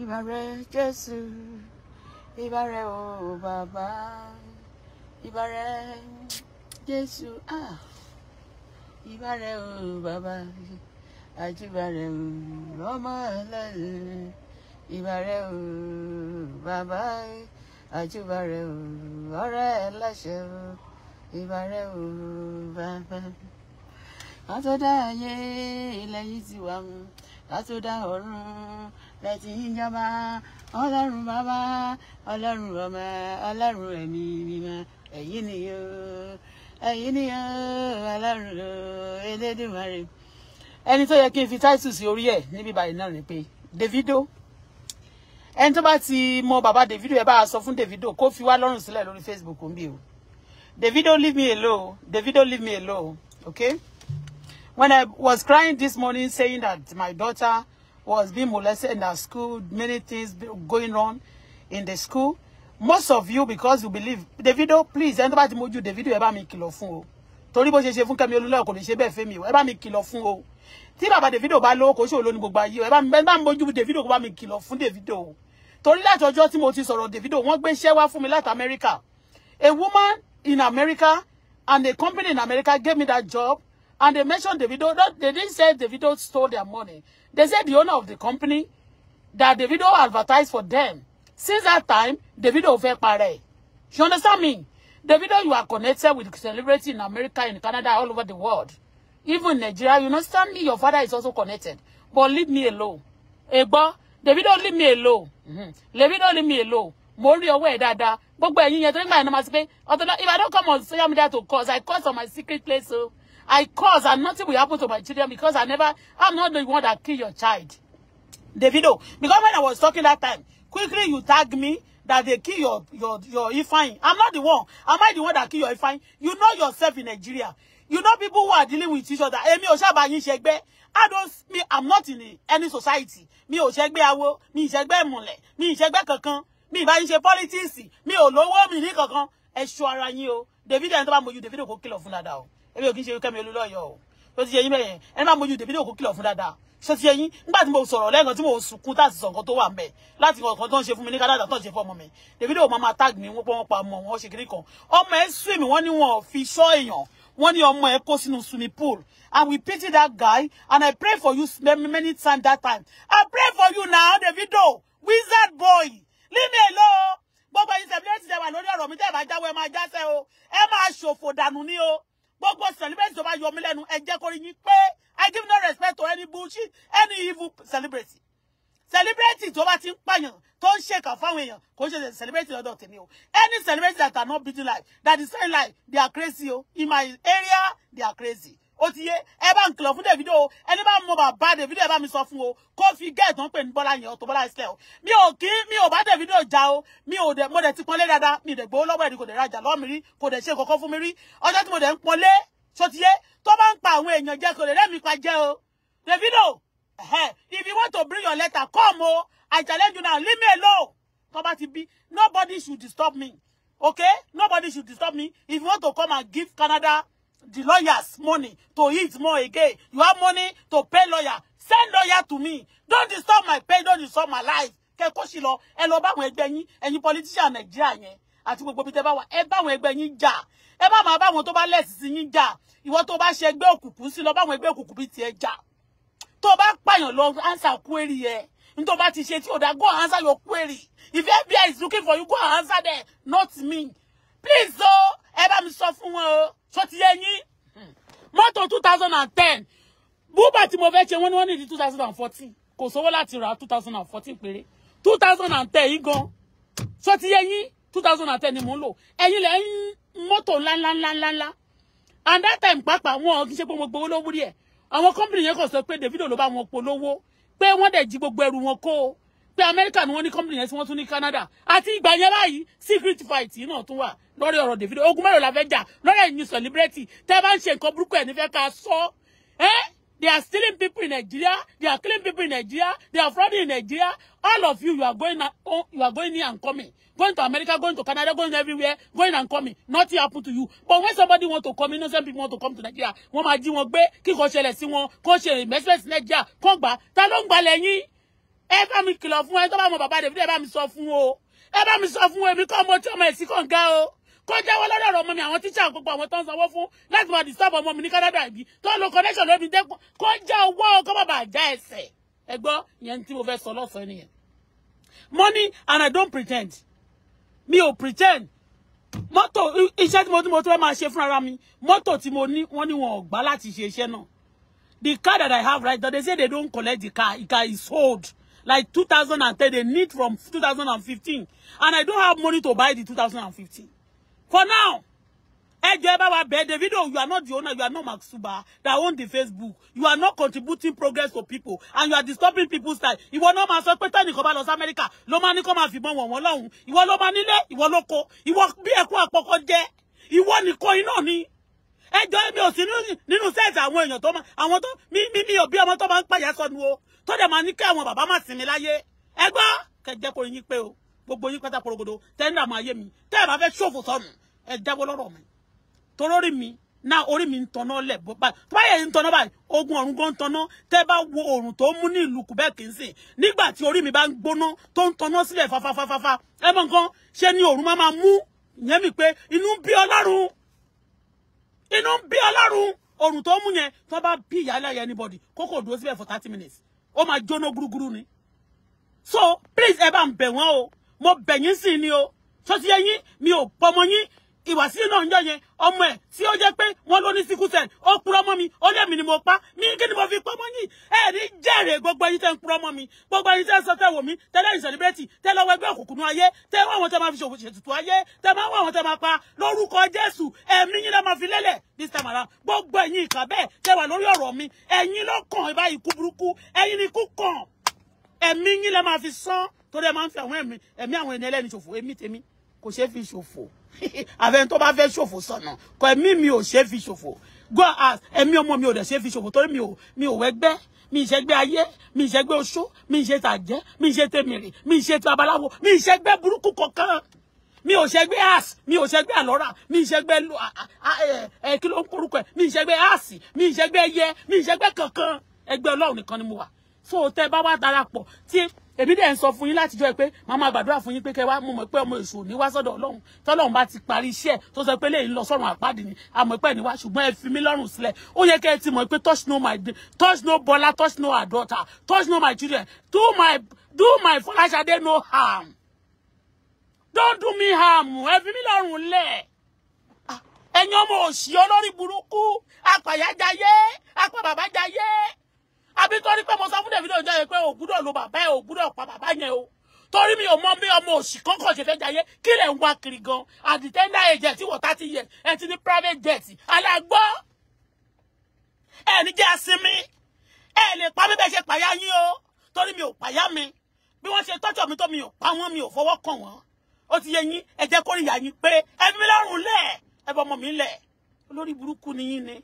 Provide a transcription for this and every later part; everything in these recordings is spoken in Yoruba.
ìbà rẹ Jésù ìbà o bàbá ìbà rẹ Jésù ah ìbà o bàbá àjùbà o lọ́mọ lẹ́yìn ìbà o bàbá àjùbà o ọ̀rẹ́ ẹlẹ́ṣẹ̀ o ìbà o bàbá látọ̀dá ayé ilẹ̀ yìí ti wà mú látọ̀dá ọ̀run lẹ́tí ń jọba ọlọ́run bàbá ọlọ́run ọmọ ọlọ́run ẹ̀mí mímọ́ ẹ̀yin ni yóò ẹ̀yin ni yóò ọlọ́run Elédùmarè. ẹni tó yẹ kí n fi táìtù sí orí ẹ̀ níbí báyìí náà ni pé Davido ẹni tó bá ti mọ bàbá Davido ẹ bá a sọ fún Davido kó fi wá lọ́rùn sílẹ̀ lórí Facebook ń bí o Davido leave me alone Davido leave me alone okay when I was crying this morning saying that my daughter was being molested in our school, many things going on in the school. Most of you, because you believe, the video, please, ẹni move you. The video about me bá mi kìlọ̀ fún o. Torí bó ṣe ṣe fún Kẹ́mi Olúnlọ́yọ̀ kò lè ṣe bẹ́ẹ̀ fẹ́mi o, ẹ bá mi kìlọ̀ fún o. Tí video Davido bá lówó kò ṣe òlónìí gbogbo ayé o, ẹ bá mi mójú Davido kó bá mi kìlọ̀ fún Davido o. Torí láti ọjọ́ tí mo ti sọ̀rọ̀ Davido, wọ́n gbé iṣẹ́ wá fún mi láti America. A woman in America and a company in America gave me that job And they mentioned Davido. They didn't say Davido stole their money. They said the owner of the company that Davido advertised for them. Since that time, Davido fell parẹ́. You understand me? Davido, you are connected with celebrity in America, in Canada, all over the world. Even Nigeria, you understand me? Your father is also connected. But leave me alone. Egbo, Davido, leave me alone. Mm-hmm. Davido, leave me alone. Mo rí dada. if I don't come on social media to cause, I cause on my secret place. So. Oh. I cause and nothing will happen to my children because I never, I'm not the one that killed your child. Davido, because when I was talking that time, quickly you tag me that they kill your your your Ifeanyi. I'm not the one. Am I the one that kill your Ifeanyi? You know yourself in Nigeria. You know people who are dealing with each other. Èmi ò ṣá I don't me I'm not in any society. Me ò ṣẹgbẹ́ awo, Me ṣẹgbẹ́ ìmùlẹ̀, Me ṣẹgbẹ́ Kakan. Me bá yín ṣe politics, mi ò lówó mi ní kankan. Ẹ ṣọ́ ara you Davido kò kìlọ̀ fún dada èmi ò kí ń ṣe Kẹ́mi Olúlọ́yọ̀ o ó ti yẹ yín bẹ́yẹn ẹ má mójú tèmi ní òkú kìlọ̀ fún ti yẹ yín nígbà mo sọ̀rọ̀ lẹ́ẹ̀kan tí mo sunkún tá a sì sọ nǹkan tó wà mbẹ̀ láti nǹkan tó mi ní Canada tó ń ṣe fún mi tèmi ní òun tag mi wọ́n pa ọmọ wọn ṣe kiri kan ọmọ ẹ swim wọ́n ní wọn fi ṣọ́ èèyàn wọ́n ní ọmọ ẹ kó sínú swimming pool and we pity that guy and I pray for you many, many times that time I pray for you now Davido wizard boy leave me alone gbogbo ìṣẹ̀lẹ̀ ti dẹ̀ wà lórí ọ̀rọ̀ mi tẹ́ ẹ̀ bá jáwọ́ ẹ máa jáṣẹ́ o ẹ máa ṣòfò dànù ní o gbogbo celebrate tó bá yọ mí lẹ́nu ẹ jẹ́ yín pé i give no respect to any bullshit any evil celebrity celebrity tó bá ti ń pààyàn tó ń ṣèkà fáwọn èèyàn kò ń ṣe celebrity lọ́dọ̀ tèmi o any celebrity that are not building life that is saying life they are crazy o in my area they are crazy ó ti yé ẹ bá ń kìlọ̀ fún Davido o ẹni bá mọ bàbá Davido ẹ bá mi sọ fún o kó fi gẹ́ẹ̀ tán pè ní Bọ́lá yẹn Auto Bola isle. o mi ò kí mi ò de video jà o mi ò dẹ̀ mo dẹ̀ ti pọ́nlé dáadáa mi dẹ̀ gbowó lọ́wọ́ ẹ̀rí kò dẹ̀ rajà lọ́wọ́ mi rí kò dẹ̀ ṣe kọ̀kọ́ fún mi rí ọjọ́ tí mo dẹ̀ ń pọ́nlé so ti yé tó bá ń pa àwọn èèyàn jẹ kò lè rẹ́mi pa jẹ́ o Davido if you want to bring your letter come o I challenge you now leave me alone tó bá ti bí nobody should disturb me okay nobody should disturb me if you want to come and give Canada the lawyers money to eat more again. You have money to pay lawyer. Send lawyer to me. Don't disturb my pay, don't disturb my life. Kẹ́ kó sí lọ, ẹ lọ bá àwọn ẹgbẹ́ yín, ẹ̀yin politician Nàìjíríà yẹn àti gbogbo bí tẹ́ bá wà, ẹ bá àwọn ẹgbẹ́ yín jà. Ẹ bá máa bá àwọn tó bá lẹ́sìn sí yín jà. Ìwọ tó bá ṣe ẹgbẹ́ òkùnkùn sí lọ bá àwọn ẹgbẹ́ òkùnkùn bí tiẹ̀ jà. Tó bá pààyàn lọ answer query ẹ̀. N tó bá ti ṣe tí ò dá go answer your query. If FBI is looking for you, go answer there. not me please oh, ẹ bá mi sọ fún wọn o sọ ti yẹ yín mọ́tò two thousand and ten búbà tí mo fẹ́ ṣe wọ́n ní wọ́n ní di two thousand and fourteen kò ra two thousand and fourteen péré ten yìí gan sọ ti yẹ yín two thousand and ten ni mò ń lò ẹ̀yin lẹ̀ ń mọ́tò ńláńláńláńlá and that time pàápàá wọn kì í ṣe pé mo gbowó lówó rí ẹ̀ àwọn company yẹn kàn sọ pé Davido ló bá wọn polówó pé wọ́n dẹ̀ jí gbogbo ẹrù wọn kó o pé amẹ́ríkà ni wọ́n ní company yẹn tí wọ́n tún ní canada àti ìgbà yẹn báyìí secret fight yìí náà tún wà lórí ọ̀rọ̀ davido ogun mẹ́rin la fẹ́ jà lórí ẹ̀yin celebrity tẹ́ bá ń ṣe nǹkan burúkú ẹ̀ nífẹ̀ẹ́ ká sọ ẹ́ they are stealing people in nigeria they are killing people in nigeria they are frauding in nigeria all of you you are going oh, you are going here and coming going to america going to canada going everywhere going and coming nothing happen to you but when somebody want to come innocent people want to come to nigeria wọ́n máa jí wọn gbé kíkọ ṣẹlẹ̀ sí wọn kó ṣe investment nigeria kó gbà ta ló ń gbalẹ̀ yín ẹ bá mi kìlọ̀ fún ẹ tó bá mọ bàbá Davido ẹ bá mi sọ fún o ẹ bá mi sọ fún èmi kọ́ ọmọ tí ọmọ ẹ̀ sí kànga o kó jẹ́wọ́ lọ́dọ̀ ọ̀rọ̀ ọmọ mi àwọn tíṣà gbogbo àwọn tó ń sanwó fún láti disturb ọmọ mi ní Canada ibi tó lo connection lóbi dẹ́kun kó já owó kó bàbà já ẹsẹ̀ ẹ gbọ́ ìyẹn tí mo fẹ́ sọ lọ́sàn-án money and I don't pretend mi ò pretend mọ́tò iṣẹ́ tí mo tí mo tún fẹ́ máa ṣe fúnra mi mọ́tò tí mo ní wọ́n ní wọn ò gbà láti ṣe iṣẹ́ the car that I have right now they say they don't collect the car the car is sold like 2010 they need from 2015 and I don't have money to buy the 2015 for now ẹjọ ẹ bá wa bẹẹ Davido you are not the owner you are not Mark Suba that own the Facebook you are not contributing progress for people and you are disturbing people's life ìwọ náà máa sọ pé tẹnìkan bá lọ sí You ló máa ní kó máa fìbọn wọn wọn lọ́hùn ìwọ ló máa nílé ìwọ ló kó ìwọ bí ẹkú àpọkọ jẹ ìwọ nìkan iná ni ẹjọ mi ò sí nínú sẹẹsì àwọn èèyàn tó máa àwọn tó mi mi mi ò bí ọmọ tó máa ń pàyà sọnù o tó dẹ̀ máa ní kí àwọn bàbá máa sinmi láyé ẹ gbọ́ kẹjẹ kò yín pé o gbogbo yín pátá korogodo tẹ́ńdà máa yé mi tẹ́ ẹ bá fẹ́ ṣòfò sọnù ẹ jáwọ́ lọ́rọ̀ mi torórí mi na orí mi ń tanná lẹ̀ bó báyìí tó bá yẹ ń tanná báyìí ogun ọ̀run gan tanná tẹ́ bá wo oòrùn tó mú ní ìlú Quebec ń sìn nígbà tí orí mi bá ń gbóná tó ń tanná sílẹ̀ fafafafafa ẹ mọ nǹkan ṣé ni oòrùn máa máa mú ìyẹn mi pé inú ń bí Ọlọ́run inú ń bí Ọlọ́run oòrùn tó mú yẹn tó bá bí ìyá ẹlẹ́yẹ anybody kókò dúró síbẹ̀ for thirty minutes ó máa jóná gúrúgúrú ni so please ẹ bá ń bẹ̀ o mo be yín sí ni o sọ́sí ẹyin mi ò pọmọ yín ìwàsílẹ̀ náà ń jọ yẹn ọmọ ẹ̀ tí ó jẹ́ pé wọ́n ló ní síkúsẹ̀ ó purọ́ mọ́ mi ó lẹ́mìí ni mo pa mí kí ni mo fi pọ́ mọ́ yìí ẹ̀rí jẹ́rẹ̀ gbogbo ẹyin tẹ́ ń purọ́ mọ́ mi gbogbo ẹyin tẹ́ ń sọ tẹ́ wò mí tẹ́lẹ̀ ìṣẹ̀lẹ̀bẹ̀tì tẹ́ lọ́wọ́ ẹgbẹ́ òkùnkùn ayé tẹ́ wọ́n àwọn tẹ́ máa fi ṣòwò ṣètùtù ayé tẹ́ máa wọ́n àwọn tẹ́ máa pa lórúkọ Jésù ẹ̀mí yín lẹ́ máa fi lélẹ̀ this time around gbogbo ẹ̀yin ìkà bẹ́ẹ̀ tẹ́ wà lórí ọ̀rọ̀ mi ẹ̀yin ló kàn ẹ̀ báyìí ikú burúkú ẹ̀yin ni ikú kàn ẹ̀mí yín lẹ́ máa fi sán torí ẹ máa ń fi àwọn ẹ̀mí ẹ̀mí àwọn ẹni ẹlẹ́ni ṣòfò ẹ̀mí tèmi kò ṣeé fi ṣòfò àfẹn tó bá fẹ́ ṣòfò sọ̀nà kọ ẹ̀mí mi ò ṣe é fi ṣòfò go as ẹ̀mí ọmọ mi ò dẹ̀ ṣe é fi ṣòfò torí mi ò mi ò wẹ́gbẹ́ mi ìṣẹ́gbẹ́ ayé mi ìṣẹ́gbẹ́ oṣó mi ìṣe tàjẹ́ mi ìṣe tèmìrì mi ìṣe ti babaláwo mi ìṣẹ́gbẹ́ burúkú kankan mi ò ṣẹ́gbẹ́ as mi ò ṣẹ́gbẹ́ àlọ́ra mi ìṣẹ́gbẹ́ ẹ kí ló ń korúkọ ẹ mi ìṣẹ́gbẹ́ as mi ìṣẹ́gbẹ́ ẹyẹ mi ìṣẹ́gbẹ́ kankan ẹgbẹ́ ọlọ́run nìkan ni mo wà so tẹ bá wá darapọ̀ tí èmi dẹ̀ ń sọ fún yín láti jọ pé màá máa gbàdúrà fún yín pé kẹ mo mọ̀ pé ọmọ èṣù ní wá sọ́dọ̀ ọlọ́run tọ́lọ́run bá ti parí iṣẹ́ tó sọ pé lè ń lọ sọ́run àpáàdì ni àmọ́ pẹ́ ni wá ṣùgbọ́n ẹ fi mí lọ́rùn sílẹ̀ ó yẹ kẹ́ ti mọ̀ pé touch no my touch no Bọ́lá touch no her daughter touch no my children do my do my Fọláṣadé no harm don't do me harm ẹ fi mí lọ́rùn lẹ̀ ah, ẹ̀yin ọmọ òṣì olórí burúkú apàyájayé apàbàbájayé àbí torí pé mo sọ fún Davido ìjọ yẹn pé ò gbúdọ̀ lo bàbá ẹ̀ ò gbúdọ̀ pa bàbá yẹn o torí mi ò mọ bí ọmọ òsì kọ́kọ́ ṣe fẹ́ jayé kí lẹ̀ ń kiri gan at the tender age tí wọ́n thirty years ẹ ti ní private jet alágbọ́ ẹ ní jẹ́ asinmi ẹ lè pa mí bẹ́ẹ̀ ṣe pàyà yín o torí mi ò pàyà mi bí wọ́n ṣe tọ́jọ́ mi tó mi ò pa wọ́n mi ò fọwọ́ kàn wọ́n ó ti yẹ yín ẹ jẹ́ kórìíyá yín pé ẹ fi mi lọ́rùn lẹ̀ ẹ bọ́ ọmọ mi lẹ̀ olórí burúkú ni yín ni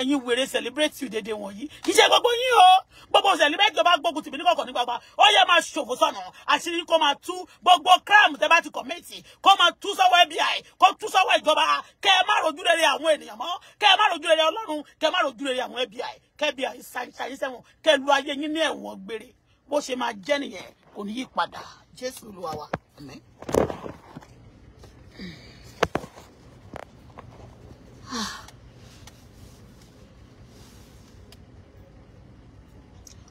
ẹ̀yin wèrè celebrate you dédé wọ̀nyí kì í ṣe gbogbo yín o gbogbo celebrate tó bá gbógun tìbí nígbàgbọ́ nígbàgbọ́ ó yẹ máa ṣòfò sọ̀nà àṣírí kó máa tú gbogbo crime tẹ́ bá ti kọ̀mẹ́tì kó máa tú sọ́wọ́ FBI kó tú sọ́wọ́ ìjọba kẹ́ ẹ má rojú rere àwọn ènìyàn mọ́ kẹ́ ẹ má rojú rere Ọlọ́run kẹ́ ẹ má rojú rere àwọn FBI kẹ́ FBI ṣàyí sẹ́wọ̀n kẹ́ lu ayé yín ní ẹ̀wọ̀n gbére bó ṣe máa jẹ́ nìyẹn kò ní yí padà Jésù Olúwa wa àmín. Ah.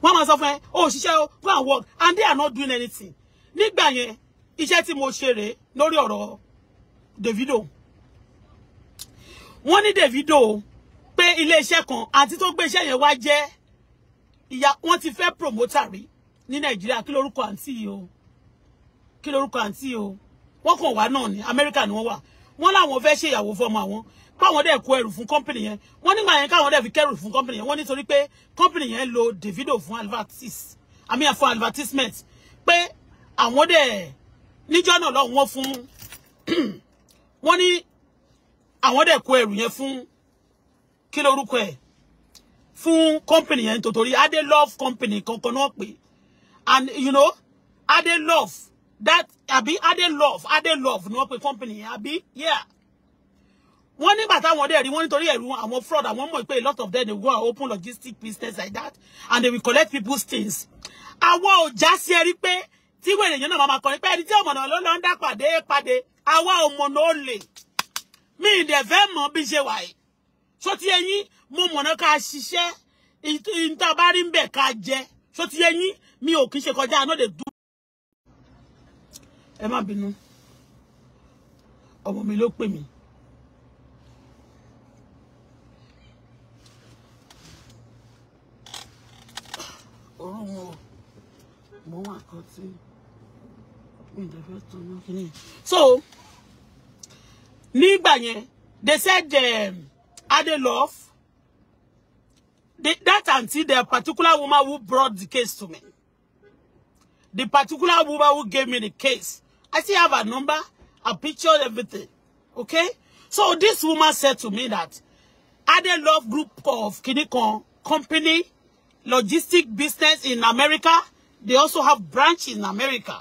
wọ́n máa sọ fún ẹ o oh, ṣiṣẹ́ o go and work and they are not doing anything nígbà yẹn iṣẹ́ tí mo ṣe rèé lórí ọ̀rọ̀ Davido wọ́n ní Davido pé iléeṣẹ́ kan àti tó gbé iṣẹ́ yẹn wá jẹ́ ìyá wọ́n ti fẹ́ promoter rí ní Nàìjíríà kí lorúkọ àǹtí yìí o kí lorúkọ àǹtí yìí o wọ́n kàn wá náà ní Amẹ́ríkà ni wọ́n wà wọ́n láwọn fẹ́ ṣèyàwó fọmọ àwọn káwọn dẹ̀ kó ẹrù fún company yẹn wọ́n nígbà yẹn káwọn dẹ̀ fi kẹ́rù fún company yẹn wọ́n nítorí pé company yẹn lo Davido fún advertise I mean for advertisement pé àwọn dẹ̀ níjọ́ náà lọ́hùn wọ́n fún wọ́n ní àwọn dẹ̀ kó ẹrù yẹn fún kí lorúkọ ẹ̀ fún company yẹn tòtòrí Adé Love company kankan náà pé and you know Adé Love that àbí Adé Love Adé Love ni wọ́n pè company yẹn àbí yeah wọ́n nígbà táwọn dẹ̀ rí wọ́n nítorí ẹ̀rù àwọn fraud àwọn mọ̀ pé a lot of them dey go and open logistic business like that and they will collect people's things. àwọn ò já sí ẹrí pé tí wọ́n èèyàn náà máa kọrin pé ẹni tí ọ̀mọ̀nà ló lọ ń dá pàdé pàdé àwa ọ̀mọ̀nà ó lè mí ìdẹ̀ fẹ́ mọ̀ bí ṣe wà yìí. so ti ẹyin mo mọ̀nà ká ṣiṣẹ́ ìta bá rí ń bẹ̀ ká jẹ so ti ẹyin mi ò kí ṣe kọjá àná lè dùn. ẹ má bínú ọmọ mi ló pè mí. òórùn mo wà kan tí mi ò fẹ́ tó ní kíní. so nígbà yẹn they said um, Adelove they, that aunty the particular woman who brought the case to me the particular woman who gave me the case I still have her number her picture everything okay so this woman said to me that Adelove group of Kinikon company logistic business in America. They also have branch in America.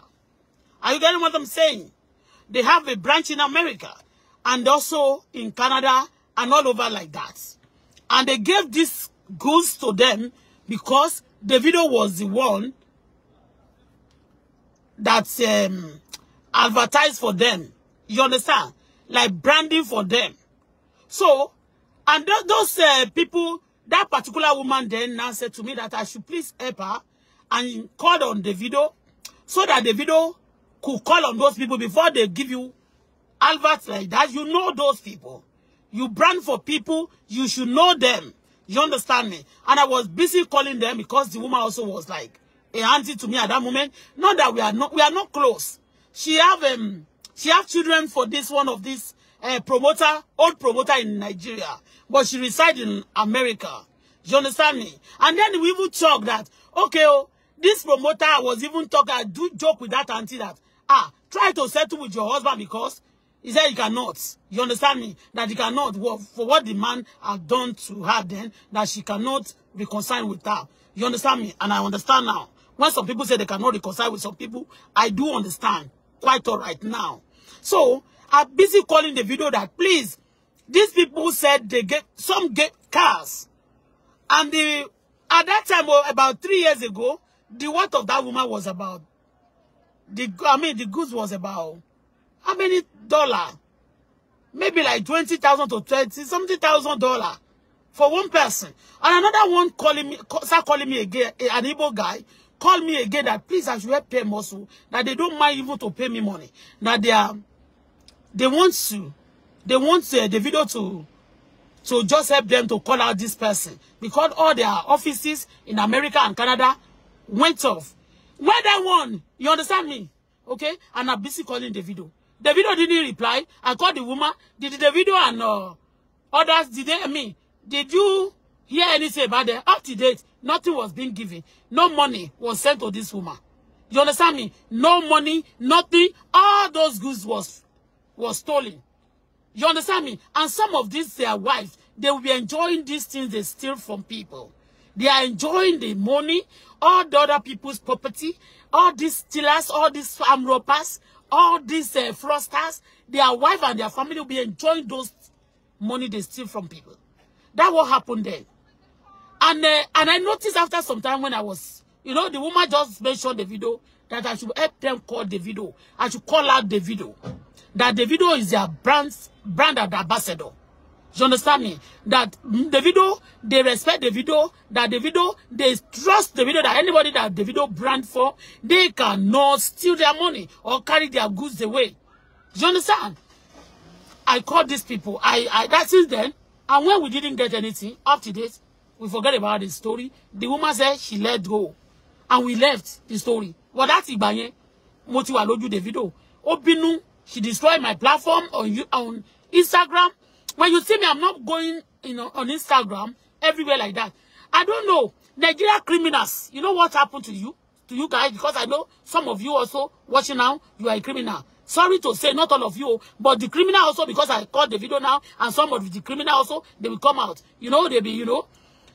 Are you getting what I'm saying? They have a branch in America and also in Canada and all over like that. And they gave these goods to them because the video was the one that um, advertised for them. You understand? Like branding for them. So, and th those uh, people, That particular woman then now said to me that I should please help her and call on the video so that the video could call on those people before they give you adverts like that. You know those people. You brand for people. You should know them. You understand me? And I was busy calling them because the woman also was like a auntie to me at that moment. Not that we are not we are not close. She have um she have children for this one of this uh, promoter, old promoter in Nigeria but she resides in America. You understand me? And then we even talk that, okay, oh, this promoter was even talking, I do joke with that auntie that, ah, try to settle with your husband because he said you cannot. You understand me? That you cannot, well, for what the man has done to her then, that she cannot reconcile with her. You understand me? And I understand now. When some people say they cannot reconcile with some people, I do understand quite all right now. So, I'm busy calling the video that, please, These people said they get some get cars. And the, at that time, oh, about three years ago, the worth of that woman was about, the I mean, the goods was about, how many dollar? Maybe like twenty thousand to twenty something thousand dollar for one person. And another one calling me, start calling me again, eh, an evil guy, call me again that please I should help pay muscle, that they don't mind even to pay me money. That they are, they want to They want uh, the video to to just help them to call out this person because all their offices in America and Canada went off. Where they won, you understand me? Okay? And I'm busy calling the video. The video didn't reply. I called the woman. Did the video and uh, others, did they, I mean, did you hear anything about them? Up to date, nothing was being given. No money was sent to this woman. You understand me? No money, nothing. All those goods was, was stolen. You understand me? And some of these, their wives, they will be enjoying these things they steal from people. They are enjoying the money, all the other people's property, all these stealers, all these farm robbers, all these uh, fraudsters. Their wife and their family will be enjoying those money they steal from people. That what happened there. And, uh, and I noticed after some time when I was You know, the woman just mentioned the video that I should help them call the video. I should call out the video. That the video is their brand, brand ambassador. You understand me? That the video, they respect the video. That the video, they trust the video. That anybody that the video brand for, they cannot steal their money or carry their goods away. You understand? I called these people. I, I that since then, and when we didn't get anything, after this, we forget about the story. The woman said she let go and we left the story Well, that's ìgbà yẹn mo ti wà lójú Davido ó bínú she destroyed my platform on on Instagram when you see me I'm not going you know, on Instagram everywhere like that I don't know Nigeria criminals you know what happened to you to you guys because I know some of you also watching now you are a criminal sorry to say not all of you but the criminal also because I caught the video now and some of the criminal also they will come out you know they be you know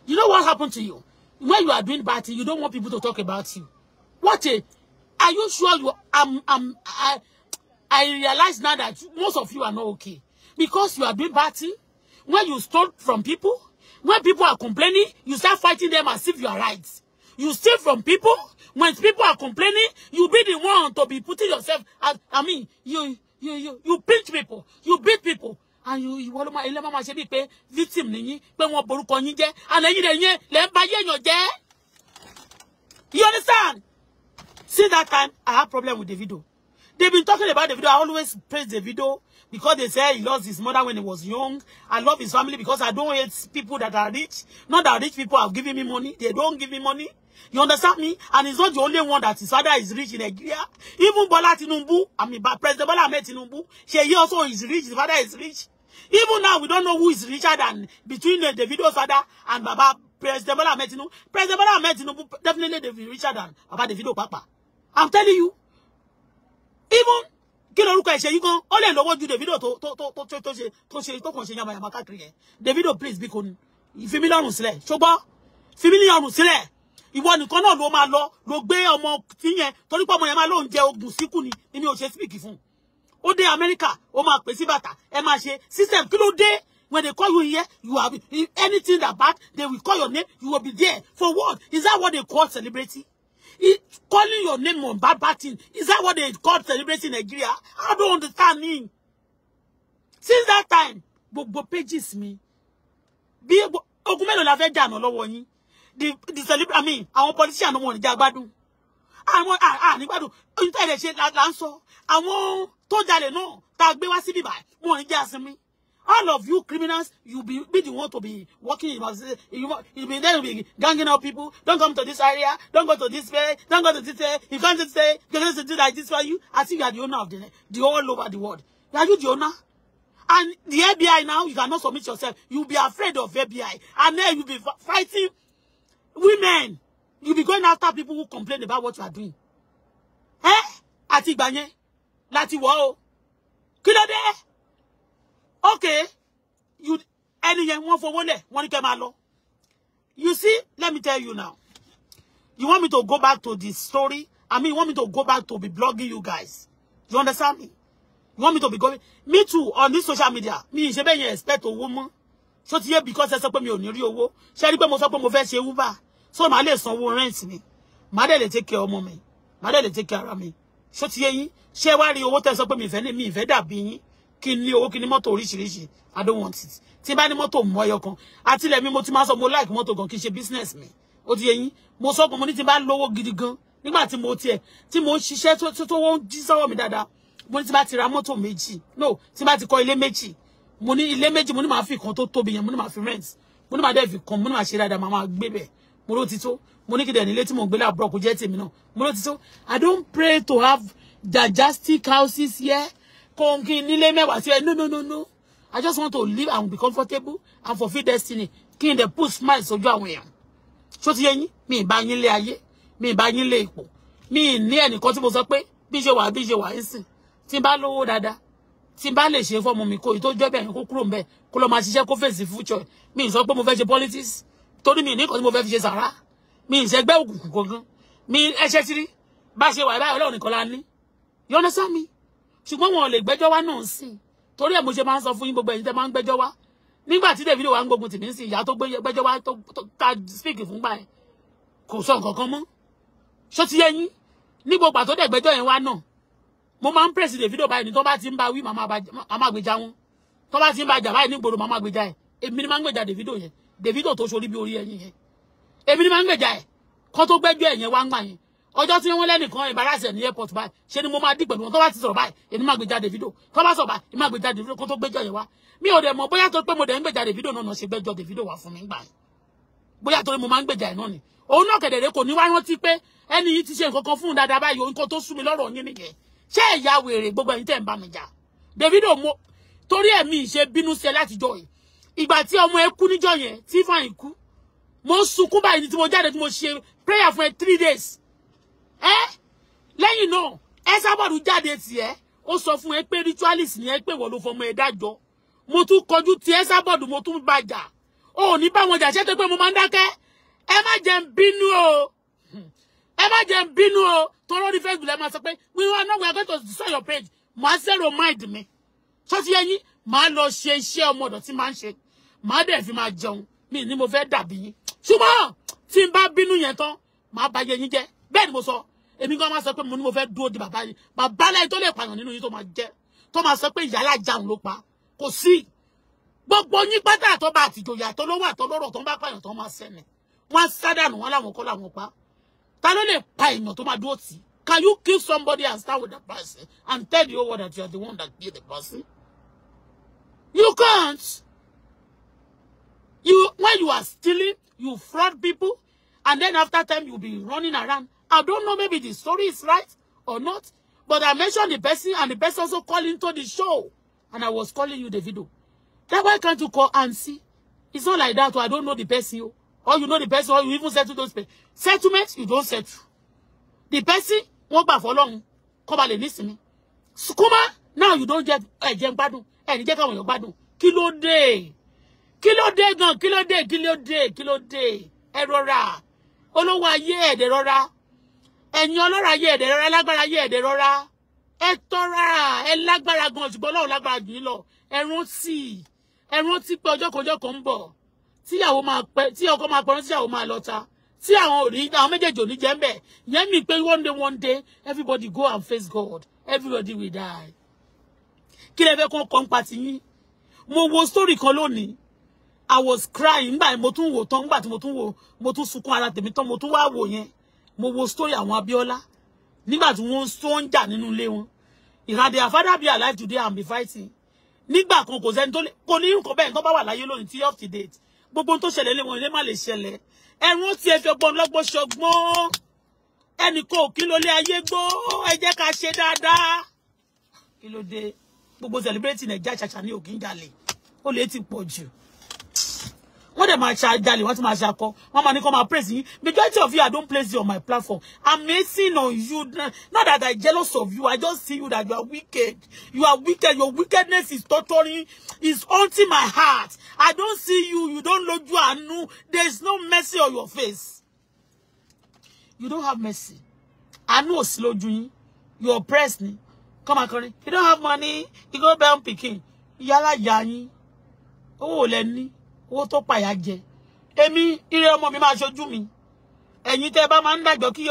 you know what happened to you when you are doing bad thing, you don't want people to talk about you. What a, are you sure you, um, um, I, I realize now that most of you are not okay. Because you are doing bad thing, when you stole from people, when people are complaining, you start fighting them as if you are right. You steal from people, when people are complaining, you be the one to be putting yourself, at, I mean, you, you, you, you pinch people, you beat people, àyàn ìwọ ló máa ilé máa máa ṣe bíi pé victim nìyí pé wọn borúkọ yín jẹ́ àlẹyìn rẹ yẹn lẹ ń ba yé èèyàn you understand since that time I have problem with Davido they been talking about Davido I always praise Davido because they say he lost his mother when he was young I love his family because I don't hate people that are rich not that rich people are giving me money they don't give me money You understand me? And he's not the only one that his father is rich in Nigeria. Even Bola Tinubu, I mean, President Bola Ahmed Tinubu, Sheyi also is rich, his father is rich. Even now, we don't know who is richer than between the uh, Davido's father and Baba President Bola Ahmed Tinubu. President Bola Ahmed Tinubu definitely they be richer than Baba video Papa. I'm telling you. Even kí lorúkọ ẹ̀ṣẹ̀ yìí gan ó lè lọ́wọ́ to to to to to tó to ṣe to ṣe tó kàn ṣe yamayama káàkiri yẹn Davido please bí kò ní fi mí lọ́rùn sílẹ̀ ṣùgbọ́n fi mí lọ́rùn sílẹ̀ ìwọ nìkan náà ló máa lọ ló gbé ọmọ tíyẹn torí pé ọmọ yẹn máa lóun jẹ ogun síkù ni èmi ò ṣe speak fún ó dé Amẹ́ríkà ó máa pè sí bàtà ẹ máa ṣe system kí ló dé when they call you here you are in anything that bad they will call your name you will be there for what is that what they call celebrity it, calling your name on bad bad thing is that what they call celebrity in Nigeria I don't understand me since that time gbogbo pages mi bí ogun mélòó la fẹ́ jàná lọ́wọ́ yín the celebrity i mean àwọn politician wọn ò ní jẹ agbádùn àwọn ànígbàdùn oyún tẹ̀lé ṣe là ń sọ àwọn tó jalè náà tá a gbé wá síbí báyìí wọn ò ní jẹ all of you criminals you be be the one to be working in you, you be there you be ganging up people don't come to this area don't go to this place don't go to this place you can't just say You can't to do like this for you I if you are the owner of the the all over the world are you the owner and the FBI now you cannot submit yourself You'll be afraid of FBI and then you'll be fighting women you be going after people who complain about what you are doing eh Ati banye, lati wao. Kilo o okay you ẹni one for one lẹ̀ One ní you see let me tell you now you want me to go back to the story I mean you want me to go back to be blogging you guys you understand me you want me to be going me too on this social media me ṣe bẹ́ẹ̀ yẹn expect owó mọ́ so ti yé because ẹ sọ pé mi ò ní rí owó ṣe rí pé mo So pé mo fẹ́ ṣe uber so màá lè sanwó rent mi màá dẹ̀ lè take care ọmọ mi màá dẹ̀ lè take care ara mi so ti yé yín ṣé wá rí owó tẹ́ sọ pé mi ìfẹ́ ní mi ìfẹ́ dàbí yín kí n ní owó kí n ní mọ́tò oríṣiríṣi i don't want it tí n bá ní mọ́tò mọ́ ẹyọ kan àtìlẹ̀ mi mo ti máa sọ mo like mọ́tò gan kì í ṣe business mi ó ti yé yín mo sọ pé mo ní tí n bá lówó gidi gan nígbà tí mo tiẹ̀ tí mo ń ṣiṣẹ́ tó tó wọ́n jí sọ́wọ́ mi dáadáa mo ní tí n bá ti ra mọ́tò méjì no tí n bá ti kọ́ ilé méjì mo ní ilé méjì mo ní màá fi kan tó tóbi yẹn mo ní màá fi rent mo ní màá dẹ́ fi kan mo ní màá ṣe dáadáa máa gbé bẹ̀ mo ló ti tó mo ní kíndẹ̀ nílé tí mo ń gbé láàbúrò kò jẹ́ tèmi náà mo ló ti tó I don't pray to have digestive houses here kòǹkì nílé mẹ́wàá sí ẹ no no no no I just want to live and be comfortable and fulfil destiny kí n dẹ̀ put smile sójú àwọn èèyàn ṣó ti yẹ yín mi ì bá yín lé ayé mi ì bá yín lé ipò mi ì ní ẹnìkan tí mo sọ pé bí ṣe wà bí ṣe wà ń sìn tí n bá lówó dáadáa tí n bá lè ṣe fọ́mọ mi kó èyí tó jẹ́ bẹ́ẹ̀ kó kúrò ńbẹ̀ kó lọ máa ṣiṣẹ́ kó fèsì future mi sọ pé mo fẹ́ ṣe politics torí mi nìkan tí mo fẹ́ fi ṣe sàrà mi ìṣẹ́gbẹ́ òkùnkùn kankan mi ẹṣẹ́ sírí bá ṣe wà báyìí ọlọ́run nìkan la ní yọ́nà sámi ṣùgbọ́n wọn ò lè gbẹ́jọ́ wá náà sí torí ẹ̀ mo ṣe máa ń sọ fún gbogbo ẹ̀yin tẹ́ máa ń gbẹ́jọ́ wá nígbà tí wa ń gbógun tì mí sí to tó gbẹ́jọ́ wá tó speak fún gbà ẹ̀ kò sọ nǹkan kan mọ́ ṣó ti yẹ yín ní gbogbo àtọ́dẹ̀ gbẹ́jọ́ yẹn wá náà mo máa ń pèsè dè fídíò báyìí ni tó bá ti ń ba wí màmá gbèjà wọn tó bá ti ń ba jà báyìí ní gbòòrò màmá gbèjà ẹ èmi ni máa ń gbèjà dè fídíò yẹn dè fídíò tó sorí bí orí ẹyin yẹn èmi ni máa ń gbèjà ẹ kó tó gbẹ́jọ́ ẹ̀yẹn wá ń gbà yẹn ọjọ́ tí wọ́n lẹ́nìkan ìbárasẹ̀ ní airport báyìí ṣe ni mo máa dí pẹ̀lú wọn tó bá ti sọ̀rọ̀ báyìí èmi máa gbèjà Davido tó bá sọ̀rọ̀ báyìí máa gbèjà Davido kó tó gbẹ́jọ́ yẹn wá mi ò dẹ̀ mọ̀ bóyá tó pé mo dẹ̀ ń gbèjà Davido náà ṣe gbẹ́jọ́ Davido wá fún mi gbà yẹn bóyá mo máa ń gbèjà ẹ̀ náà ni òun náà kẹ̀dẹ̀rẹ́ kò ní wá rántí pé ẹni yìí ti ṣe nǹkan kan fún un dáadáa báyìí nǹkan tó sú mi lọ́rọ̀ yín nìyẹn ṣé ẹ̀yà wèrè gbogbo ẹ̀yin tẹ̀ ń bá mi jà Davido mo torí ẹ̀mí ìṣe bínú sí ẹ látijọ́ yìí ìgbà tí ọmọ ẹ kú níjọ́ yẹn tí fàyìn kú mo ń sunkún báyìí tí mo jáde tí mo ṣe prayer fún ẹ three days ẹ lẹ́yìn náà ẹ sábọ̀dù jáde tiẹ̀ ó sọ fún ẹ pé ritualist ni ẹ pé wọ́n ló fọmọ ẹ dájọ́ mo tún kọjú ti ẹ sábọ̀dù mo tún bá jà o ò ní bá wọn jà ṣé tó pé mo máa ń dákẹ́ ẹ má jẹ́ bínú o ẹ má jẹ́ n bínú o torí orí facebook lẹ́ máa sọ pé we are not we are going to destroy your page màá zero mind mi ṣó ti yẹ yín màá lọ ṣe iṣẹ́ ọmọ ọ̀dọ̀ tí màá ń ṣe màá dẹ̀ fi máa jẹun mi ni mo fẹ́ dàbí yín ṣùgbọ́n tí n bá bínú yẹn tán màá bà yẹ yín jẹ́ bẹ́ẹ̀ ni mo sọ èmi gan máa sọ pé mo ní mo fẹ́ dúró di bàbá yín bàbá láì tó lè pààyàn nínú yín tó máa jẹ́ tó máa sọ pé ìyálà jaun ló pa kò sí gbogbo yín pátá àtọ́ bá àtìjòyà àtọ́ lówó àtọ́ lọ́rọ̀ tó ń bá pààyàn tó máa sẹ́ni wọ́n á sádànù wọn láwọn kọ́ làwọn pa ta ló lè pa èèyàn tó máa can you kill somebody and start with the person and tell the whole world that you are the one that killed the person you can't you when you are stealing you fraud people and then after time you be running around I don't know maybe the story is right or not but I mentioned the person and the person also calling to the show and I was calling you the video then why can't you call and see it's not like that oh, I don't know the person you oh or you know the person or you even settle those pay settlement you don't settle the person wọ́n gbà fọ́lọ́run kó ba lè nísìmí sukuma now you don't get ẹ eh, jẹ badu. ẹ ní jẹ káwọn èèyàn gbádùn kí ló dé kí ló dé gan kí ló dé kí ló dé kí ló dé ẹ rọra olówó Lagbara ẹ̀dẹ̀ rọra ẹ̀yin ọlọ́rọ̀ ayé ẹ̀dẹ̀ rọra lágbára ayé ẹ̀dẹ̀ rọra ẹ tọ́ra ẹ lágbára gan tíyàwó máa pẹ tí ọkọ máa pẹrun tíyàwó máa lọta tí àwọn òní àwọn méjèèjì òní jẹ́ ń bẹ̀ yẹn mi pé one day one day everybody go and face God everybody will die. kí lè fẹ́ kó kọ́ ń pa tiyín mo wo story kan lónìí I was crying nígbà mo tún wò tán nígbà tí mo tún wò mo tún sunkún ara tèmi tán mo tún wá wò yẹn mo wo story àwọn Abíọ́lá nígbà tí wọ́n ń jà nínú ilé wọn ìhàdè àfádà be alive today I'm be fighting nígbà kan kò sẹ́ni tó lè kò ní nǹkan bẹ́ẹ̀ tó bá wà láyé lónìí tí off to date gbogbo tó ṣẹlẹ̀ lé wọn lè má lè ṣẹlẹ̀ ẹ̀rùn ti ẹ̀fẹ̀gbọ́n lọ́gbọ́n ṣọgbọ́n ẹnìkan ò kí ló lé ayé gbó ẹ jẹ́ ká ṣe dáadáa kí ló dé gbogbo celebrate nàìjíríà ṣàṣà ní òkè ń ó lè ti pọ̀ jù wọ́n dẹ̀ máa ṣàjalè wọ́n tún máa ṣakọ wọ́n máa ní kó máa praise yín majority of you i don praise you on my platform i'm missing on you not that i jealous of you i just see you that you are wicked you are wicked your wickedness is torturing is haunting my heart i don see you you don lójú àánú there is no mercy on your face you don't have mercy àánú ò sí lójú you oppress me. come akọrin you don't have money you go buy am pikin ìyá alájà yín owó ò lẹ owó tó pàyà jẹ èmi ire ọmọ mi máa ṣojú mi ẹ̀yin tẹ́ bá máa ń dàgbọ́ kí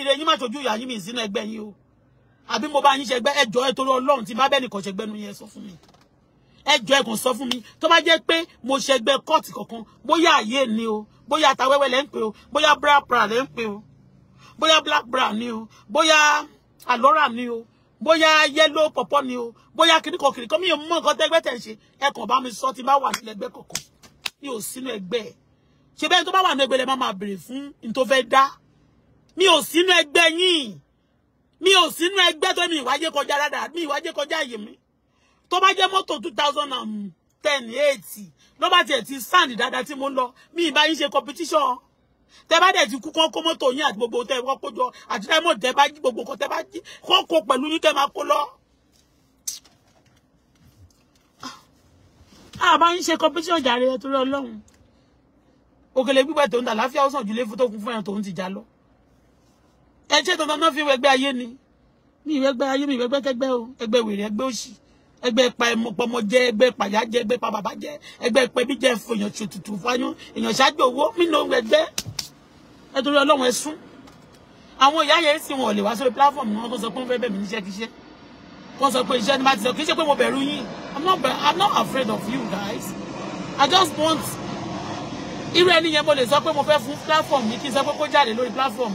ire yín máa ṣojú ìyá yín mi sínú ẹgbẹ́ yín o àbí mo bá yín ṣe ẹgbẹ́ ẹjọ́ ẹ torí Ọlọ́run tí bá bẹ́ẹ̀ nìkan ṣe gbẹ́nu yẹn sọ fún mi ẹjọ́ ẹ kàn sọ fún mi tó bá jẹ́ pé mo ṣe ẹgbẹ́ kankan bóyá àyè ni o bóyá àtàwẹ́wẹ́ lẹ́ ń pè o bóyá bra bra lẹ́ ń pè o bóyá black bra ni o bóyá alora ni o bóyá yellow pọ̀pọ̀ ni o bóyá kìnnìkan kìnnìkan mi ò mọ nǹkan tẹ́gbẹ́ tẹ̀ ń ṣe ẹ kàn bá mi sọ ti bá wà nílẹ̀gbẹ́ kọ̀ọ̀kan mi ò sínú ẹgbẹ́ ẹ̀ ṣe bẹ́ẹ̀ tó bá wà ní ẹgbẹ́ lẹ́ máa máa bèrè fún ní tó mi ò sínú ẹgbẹ́ yín mi ò sínú ẹgbẹ́ tó mi ìwájé kọjá dáadáa mi ìwájé kọjá àyè mi to bá jẹ́ mọ́tò two thousand and ten eighty ló ti sáàni dáadáa tí mo ń mi ìbá yín ṣe competition tẹ bá dẹ̀ ti kú kán kó mọ́tò yín àti gbogbo tẹ kọ́ kójọ àti tẹ mọ̀ tẹ bá jí gbogbo kan tẹ bá jí kán kó pẹ̀lú yín tẹ máa kó a máa ń ṣe competition jàre ẹ torí ọlọ́run òkèlè gbígbẹ tó ń tà láfíà ó sàn jù lé fótó kún fún ẹran tó ń ti já lọ ẹ ṣe dandan náà fi wẹgbẹ́ ayé ni mi ìwẹgbẹ́ ayé mi ìwẹgbẹ́ kẹgbẹ́ o ẹgbẹ́ wèrè ẹgbẹ́ òṣì ẹgbẹ́ pa ẹmọpọmọ jẹ ẹgbẹ́ pàyà jẹ ẹgbẹ́ pa bàbá jẹ ẹgbẹ́ pẹbí jẹ fún èèyàn tuntun fáyún èèyàn ṣáájú owó mí ló ń wẹgbẹ́ ẹ torí ọlọ́run ẹ sún àwọn ìyá yẹn sì wọn ò lè wá sórí pílàfọ̀mù wọn tó sọ pé wọn fẹ́ bẹ̀ mí níṣẹ́ wọ́n sọ pé iṣẹ́ ni má ti sọ i'm not i'm not afraid of you guys i just want irú ẹni yẹn mo lè sọ pé mo fẹ́ fún platform mi kí n sọ pé kó jáde lórí platform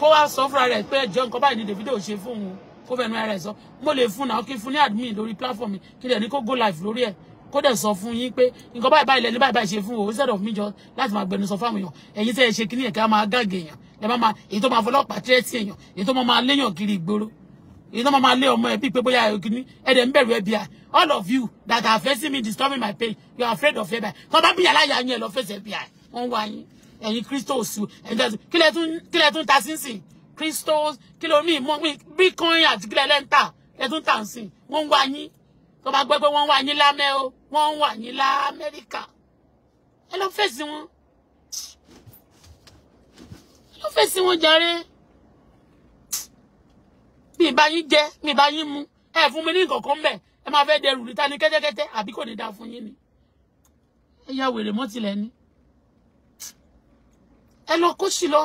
kó wá sọ fúnra rẹ̀ pé ẹjọ́ nǹkan báyìí ni Davido ṣe fún òun kó fẹnu ara ẹ̀ sọ mo lè fún náà kí n fún ní admin lórí platform mi kí lè ní kó go live lórí ẹ̀ kó dẹ̀ sọ fún yín pé nǹkan báyìí báyìí lẹ́ni báyìí báyìí ṣe fún o instead of me just láti máa gbẹnu sọ fáwọn èèyàn ẹ̀yin tẹ́ ẹ ṣe kíní ẹ̀ka máa gáàgì èèyàn lẹ́ máa èyí tó máa fọlọ́pàá tírẹ́tì èèyàn èyí tó máa máa léèyàn kiri ìgboro You know, lé ọmọ ẹ bíi pé bóyá ẹgbẹ́ ẹ̀dẹ̀ ń bẹ̀rù ẹbí i all of you that are facing me disturbing my pain you are afraid of ẹbí i tó bá bíyà láyà yín ẹ lọ fèsì ẹbí i wọ́n wá yín ẹ̀yin christos kílẹ̀ tún ta sínsìn christos kílẹ̀ omi ìmọ̀ bitcoin àti kílẹ̀ lẹ́ńtà ẹ̀ tún tà sín wọ́n wá on, tó bá on pé wọ́n wá yín lámẹ́ o oh, wọ́n wá yín lámẹ́ríkà ẹ lọ fèsì wọn ẹ lọ fèsì wọn jàre mi ba bá yín mi ba bá yín mu ẹ fún mi ní nǹkankan mbẹ ẹ máa fẹ́ dẹrù níta ní kẹ́tẹ́kẹ́tẹ́ àbí kò ní dáa fún yín ni ẹ ya wèrè mọ́ tilẹ̀ ni ẹ lọ kó sí lọ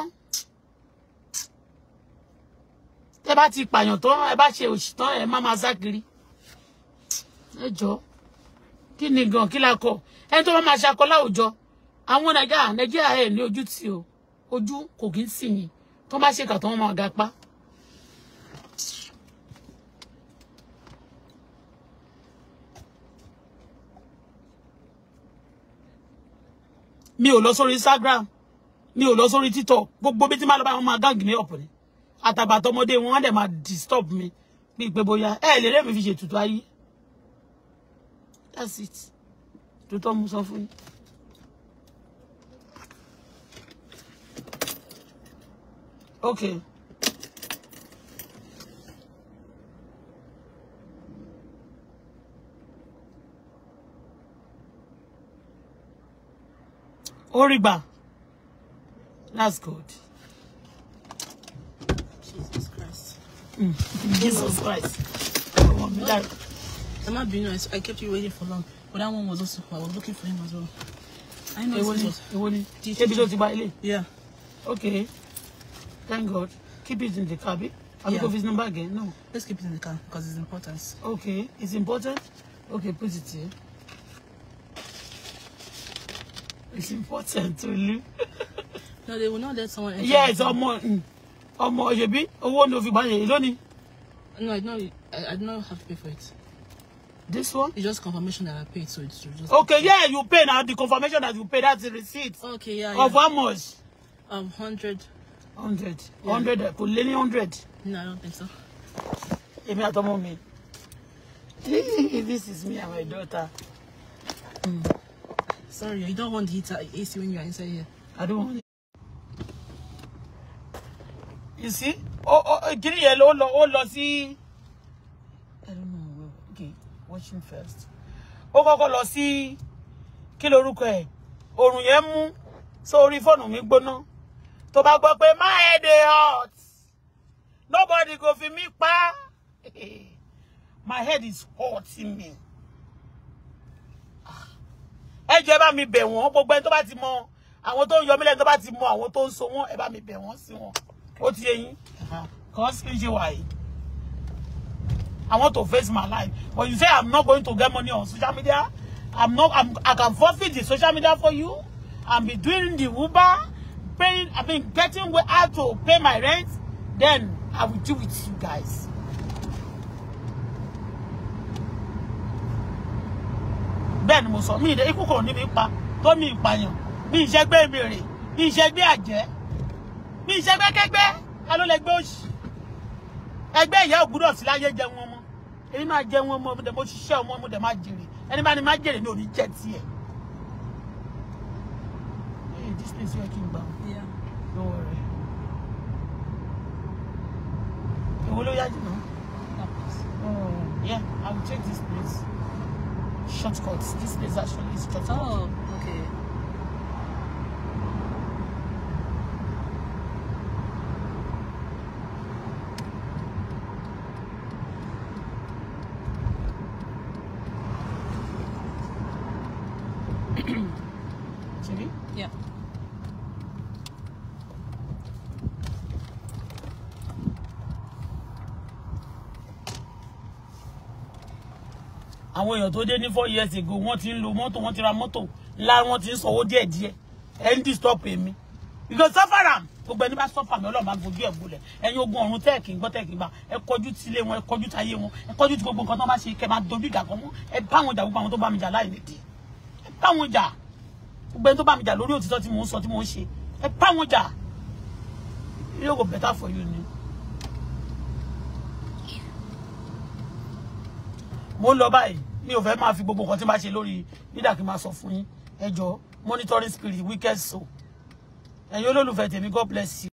tẹ bá ti pààyàn tán ẹ bá ṣe òṣì tán ẹ má máa sá kiri ẹ gan kí la kọ ẹni tó bá máa ṣakọ láwùjọ àwọn nàìjíríà nàìjíríà ẹ ní ojú tì o ojú kò kí ń sìn yín tó bá ṣèkà tó wọn ga pa. mi ò lọ sórí Instagram mi ò lọ sórí TikTok gbogbo bí tí máa lọ báyìí wọn máa gáàgì mi ọ̀pọ̀ ni àtàbàtọ̀ ọmọdé wọn wọn dẹ̀ máa disturb mi bí ìpè bóyá ẹ lè rẹ́ mi fi ṣètùtù ayé that's it tó tọ́ mo sọ fún yín. okay. Oriba. That's good. Jesus Christ. Mm. Jesus Christ. Oh, that. I'm not being nice. I kept you waiting for long. But that one was also, I was looking for him as well. I know it was. was. Maybe those Yeah. Okay. Thank God. Keep it in the car. cabin. I'll yeah. his number again. No. Let's keep it in the car because it's important. Okay. It's important. Okay, put it here. It's important to live. No, they will not let someone enter. Yes, be? ọmọ, ṣebí, owó ló fi gbà yẹn lónìí. No, I don't. I, I don't have to pay for it. This one? It's just confirmation that I paid, so it's just. Okay, yeah, you pay now. The confirmation that you pay, that's the receipt. Okay, yeah. Of yeah. how much? Um, hundred. Hundred. Yeah. Hundred. Eh, kò any ní hundred. No, I don't think so. Èmi àtọmọ mi. This is me and my daughter. Mm. Sorry, I don't want heat at uh, AC when you're inside here. I don't want You see? Oh, oh, oh kiri yẹn ló lọ, oh, lọ sí. I don't know. Okay, watch him first. Oh, kọ́kọ́ lọ sí kí lorúkọ ẹ̀? Òrùn yẹn mú sórí fóònù mi gbóná. Tó bá gbọ́ my head dey hot. Nobody go fi mí pa. My head is hot in me ẹ jẹ́ bá mi bẹ̀ wọ́n gbogbo ẹni tó bá ti mọ àwọn tó ń yọ mí lẹ́nu tó bá ti mọ àwọn tó ń so wọ́n ẹ bá mi bẹ̀ wọ́n sí wọn ó ti yé yín uh-huh. kàn sí ṣe wà yìí I want to face my life but you say I'm not going to get money on social media I'm not I'm, I can forfeit the social media for you and be doing the Uber paying I mean getting way out to pay my rent then I will deal with you guys. bẹ́ẹ̀ ni mo sọ mí ìdẹ ikú kò ní mi pa tó mi ìpààyàn mi ìṣẹ́gbẹ́ mèrè mi ìṣẹ́gbẹ́ àjẹ́ mi ìṣẹ́gbẹ́ kẹ́gbẹ́ alólẹ́gbẹ́ òṣì ẹgbẹ́ ìyá ògbúdọ̀ sí láyé jẹun ọmọ èmi máa jẹun ọmọ ọmọdé mo ṣiṣẹ́ ọmọ ọmọdé máa jèrè ẹni bá ní má jèrè ní òní jẹ tiẹ̀. Hey, this place yẹ kí n gbà Don't worry. èwo ló yá jù náà. Oh, yeah, I will check this place. shortcuts. This place actually is shortcuts. Oh, okay. Yeah. àwọn èèyàn tó dé ní four years ago wọ́n ti ń lo mọ́tò wọ́n ti ra mọ́tò ńlá wọ́n ti ń sanwó díẹ̀díẹ̀ ẹ̀ ń disturb èmi ìgò sọ́fàrà gbogbo ẹni bá sọ́fà mi ọlọ́run bá fojú ẹ̀ gbolẹ̀ ẹ̀yin ogun ọ̀run tẹ́ẹ̀kì ń gbọ́ tẹ́ẹ̀kì gbà ẹ kọjú ti ilé wọn ẹ kọjú ti ayé wọn ẹ kọjú ti gbogbo nǹkan tó bá ṣe kẹ máa dojú ìjà kan mọ́ ẹ bá wọn jà gbogbo àwọn tó bá mi jà láì nídìí ẹ bá wọn gbogbo ẹni tó bá mi jà lórí òtítọ́ tí mò ń sọ tí mò ń ṣe ẹ bá wọn yóò go better for you ni mo ń lọ báyìí mi ò fẹ́ máa fi gbogbo nǹkan tí n bá ṣe lórí nídà kí n máa sọ fún yín ẹ jọ̀ọ́ monitoring spirit wicked soul ẹ̀yin olólùfẹ́ tèmi god bless you.